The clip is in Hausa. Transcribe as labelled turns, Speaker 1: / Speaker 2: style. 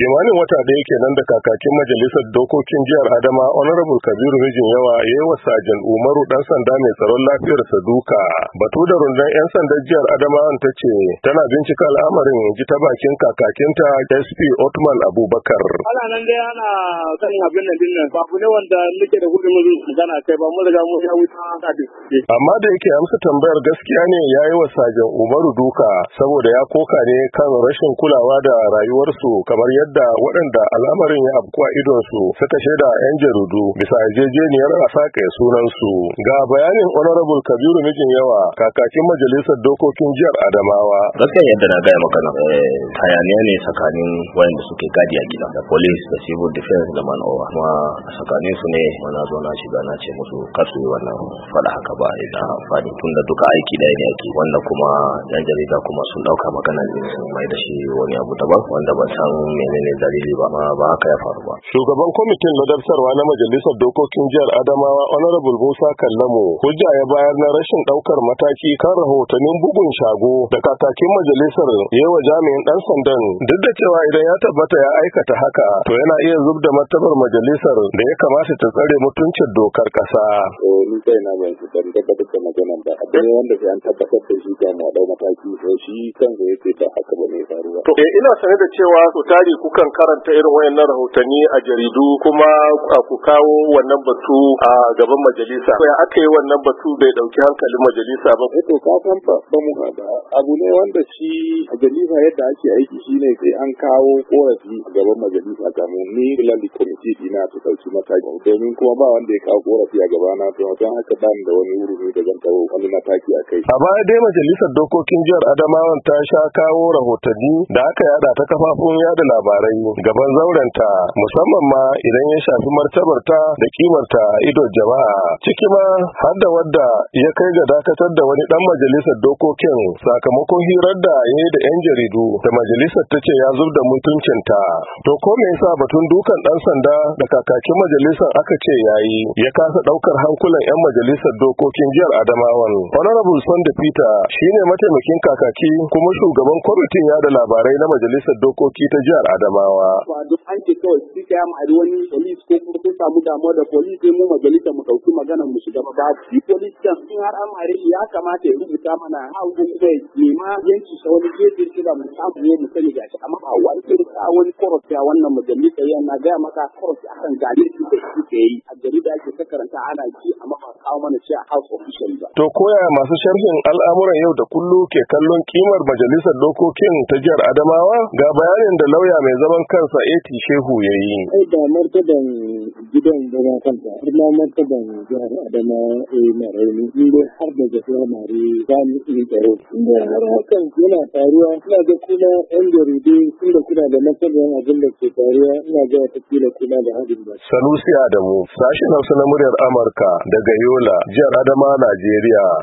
Speaker 1: kimanin wata da yake nan da kakakin majalisar dokokin jihar adama honorable kabiru rijin yawa ya yi wasa jan umaru dan sanda mai tsaron lafiyar saduka batu da rundunar yan sandan jihar adama ta ce tana bincika al'amarin ji ta bakin kakakinta sp otman abubakar ana nan dai ana kan abin nan din nan ba ne wanda nake da gudun gana kai ba mu riga mu ya wuta amma da yake amsa tambayar gaskiya ne ya yi wasa jan umaru duka saboda ya koka ne kan rashin kulawa da rayuwarsu kamar yadda yadda waɗanda al'amarin ya afkuwa idonsu suka shaida 'yan jaridu bisa yarjejeniyar a sake sunansu ga bayanin honorable kabiru mijin yawa kakakin majalisar dokokin jihar adamawa gaskiya yadda na gaya maka na eh, hayaniya ne tsakanin wayanda suke gadi a gida da police da civil defense da manowa kuma tsakanin su ne mana zo na shiga na ce musu kasu wannan faɗa haka ba ina amfani tun da duka aiki da ne ake wanda kuma yan jarida kuma sun ɗauka maganar ne su mai da shi wani abu daban wanda ban san mene ne dalili ba ma ba haka ya faru ba shugaban kwamitin ladabtarwa na majalisar dokokin jihar adamawa honorable musa kallamo hujja ya bayar na rashin daukar mataki kan rahotannin bugun shago da katakin majalisar yawa wa jami'in dan sandan duk da cewa idan ya tabbata ya aikata haka to yana iya zub da martabar majalisar da ya kamata ta tsare mutuncin dokar kasa. Eh, akwai wanda sai an tabbatar da shi kan dau mataki sai shi kansa yake ta haka ba faruwa to eh, ina sanar da cewa ku tari kukan karanta irin wayannan rahotanni a jaridu kuma ku kawo wannan batu a gaban majalisa ya aka yi wannan batu bai dauki hankalin majalisa ba eh, to ka san ba mu ba. abu ne wanda shi majalisa yadda ake aiki shine sai an kawo korafi a gaban majalisa kamun ni lalli kwamiti dina ta dauki mataki domin kuma ba wanda ya kawo korafi a gabana to don haka ba da wani wuri da zan kawo wani mataki a kai. A baya dai majalisar dokokin jihar Adamawan ta sha kawo rahotanni da aka yada ta kafafun yada labarai gaban zaurenta musamman ma idan ya shafi martabarta da kimarta ido jama'a ciki ma har da wadda ya kai ga dakatar da wani dan majalisar dokokin sakamakon hirar da ya yi da 'yan jaridu da majalisar ta ce ya zub da mutuncinta. To ko me yasa batun dukan dan sanda da kakakin majalisar aka ce yayi ya kasa daukar hankulan 'yan majalisar dokokin jihar Adamawan honorable sunday peter shine mataimakin kakaki kuma shugaban kwamitin yada labarai na majalisar dokoki ta jihar adamawa ba duk an ce kawai su wani police ko damuwa da polis sai mu majalisa mu ɗauki maganar mu shiga ba shi polis kan in har an mare ya kamata ya rubuta mana ha ko kuma ya nema yanki sa wani gefe kira mu samu ne mu sani gashi amma ba wani irin ka wani korofi a wannan majalisa yana gaya maka korofi akan gane shi da shi ke yi a jarida ake ta karanta ana ji amma ba kawo mana shi a house official ba. To koya masu sharhin al'amuran yau da kullu ke kallon kimar majalisar dokokin ta jihar Adamawa ga bayanin da lauya mai zaman kansa AT Shehu ya yi. Ai da martaban gidan zaman kanta har ma martaban jihar adama a eh, marauni in dai har da jihar mare za mu yi tsaro inda har hakan yana faruwa ina ga kuma yan jaridu tun da kuna da martaban abin da ke faruwa ina ga wata kila kuna da hadin ba. sanusi adamu sashen hausa na muryar amurka daga yola jihar adama najeriya.